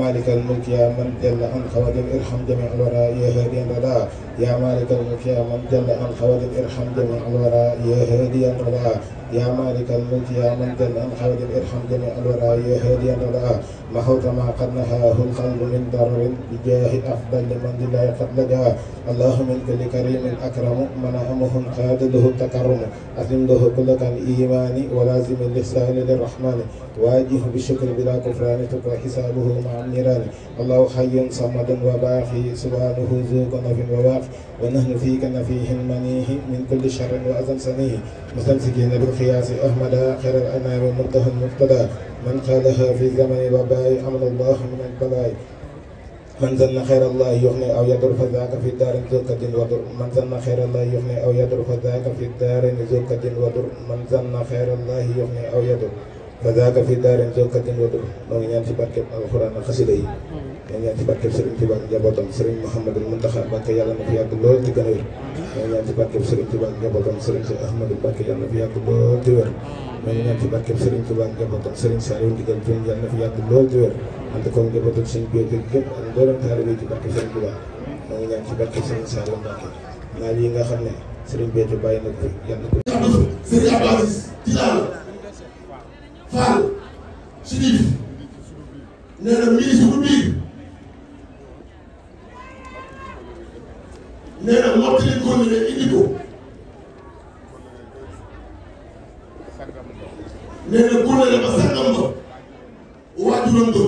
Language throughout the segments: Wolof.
مالك الملك يا من جل عن خوادم ارحم جميع الورى يا هادي الردى يا مالك الملك يا من جل عن خوادم ارحم جميع الورى يا هادي الردى يا مالك الملك يا من جل عن خوادم ارحم جميع الورى يا هادي الردى محوت ما قد نهاه القلب من ضرر بجاه افضل لمن لا قد لجا الله من كل كريم اكرم منامه قادده التكرم اسلم له كل كان ايماني ولازم الاحسان للرحمن واجه بالشكر بلا كفران تبقى حسابه مع النيران الله حي صمد وباقي سبحانه ذو كنف وواق ونحن فيك نفيه منيه من كل شر وأذن سنيه مستمسكين بالقياس أحمد آخر الأنام منتهى المقتدى من قالها في زمن وباء أمن الله من البلاء من ظن خير الله يغني أو يضر فذاك في الدار ذو كد وضر من ظن خير الله يغني أو يضر فذاك في الدار ذو كد وضر من ظن خير الله يغني أو يضر ba gaaka fi daareen zokkatin wadu noo ngi ñaan ci barkeb alxuraan ak xasida yi ñoo ngi ñaan ci barkeb Serigne Touba ak njabootam Serigne Mouhamadou Mountakha Mbacké yàlla na fi yàgg lool di gën a wér ñoo ngi ñaan ci barkeb Serigne Touba ak njabootam Serigne Cheikh Ahmadou Mbacké yàlla na fi yàgg lool di wér ñoo ngi ñaan ci barkeb Serigne Touba ak njabootam Serigne Saliou ndigal Dieng yàlla na fi yàgg lool di wér ante ko njabootam Serigne Biou Dieng gépp ak mboolem taalibe yi ci barkeb Serigne Touba ñoo ngi ñaan ci barkeb Serigne Saliou Mbacké naal yi nga xam ne Serigne Biou bàyyi na ko yàlla ko Fall si diif nee na ministre bi nee na mottali góor ñi ne indi ko nee na gunóor ba sangam ba waajuram ba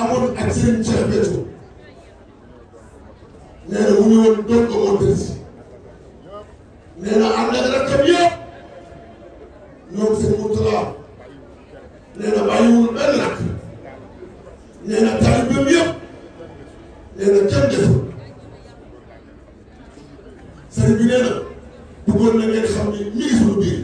amoon ak seen ceeb beetu nee na mu sëriñ bi nee na bëggoon na xam ne ñu ngi biir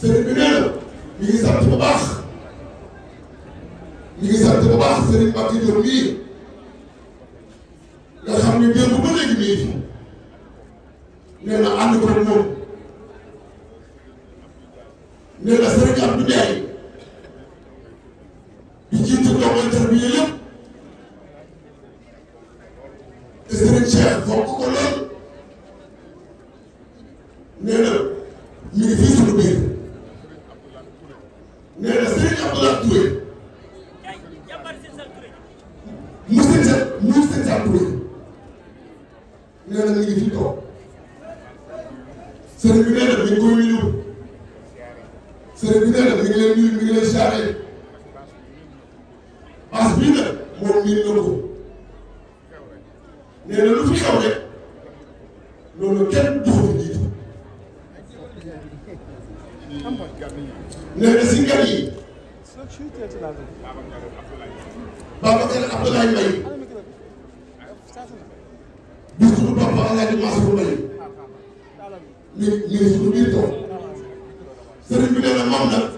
sëriñ bi nee na ñu ngi sant bu baax ñu ngi sant bu baax sëriñ Mbacke Diop mii nga xam ne démb ba léegi mii fi nee na ànd ko moom nee na sëriñ Abdou Ndiaye di jiitu doomu interview yëpp Sénégal bokk ko léegi nee na ñu ngi fii suñu biir nee na Serigne Abdoulaye mu seen mu seen sa Touré nee na ñu ngi fii toog sëriñ bi nee mi ngi koy nuyu sëriñ bi nee na mi ngi moom miin na ko. nee na lu si ngar yi Babacar Abdoulaye Mbaye bis bu Papa Alaaji Mansour Mbaye mi mi na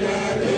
Yeah.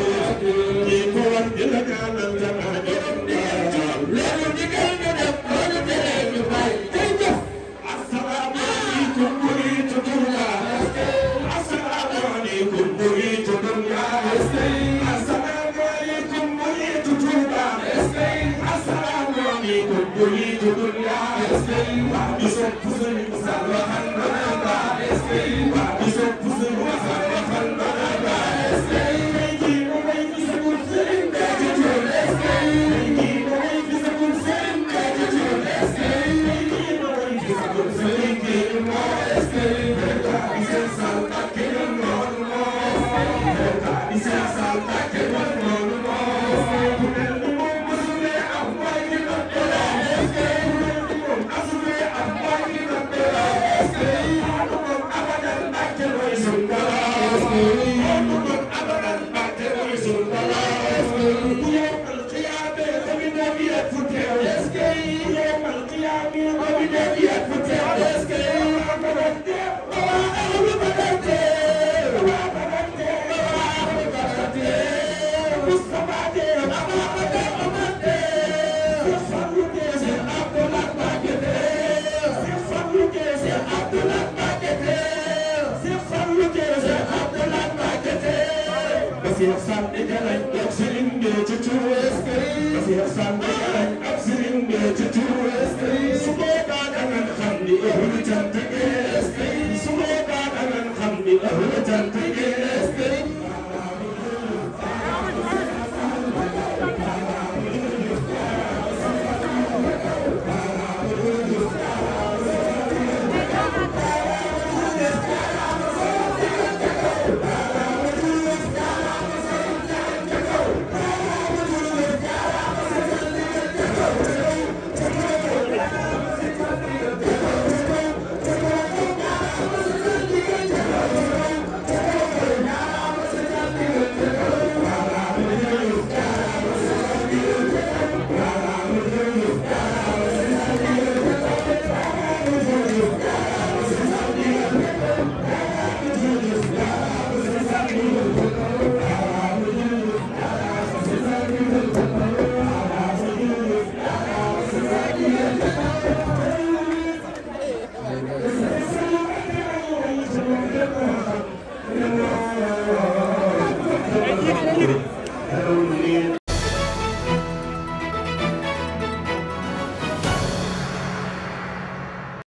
Thank you.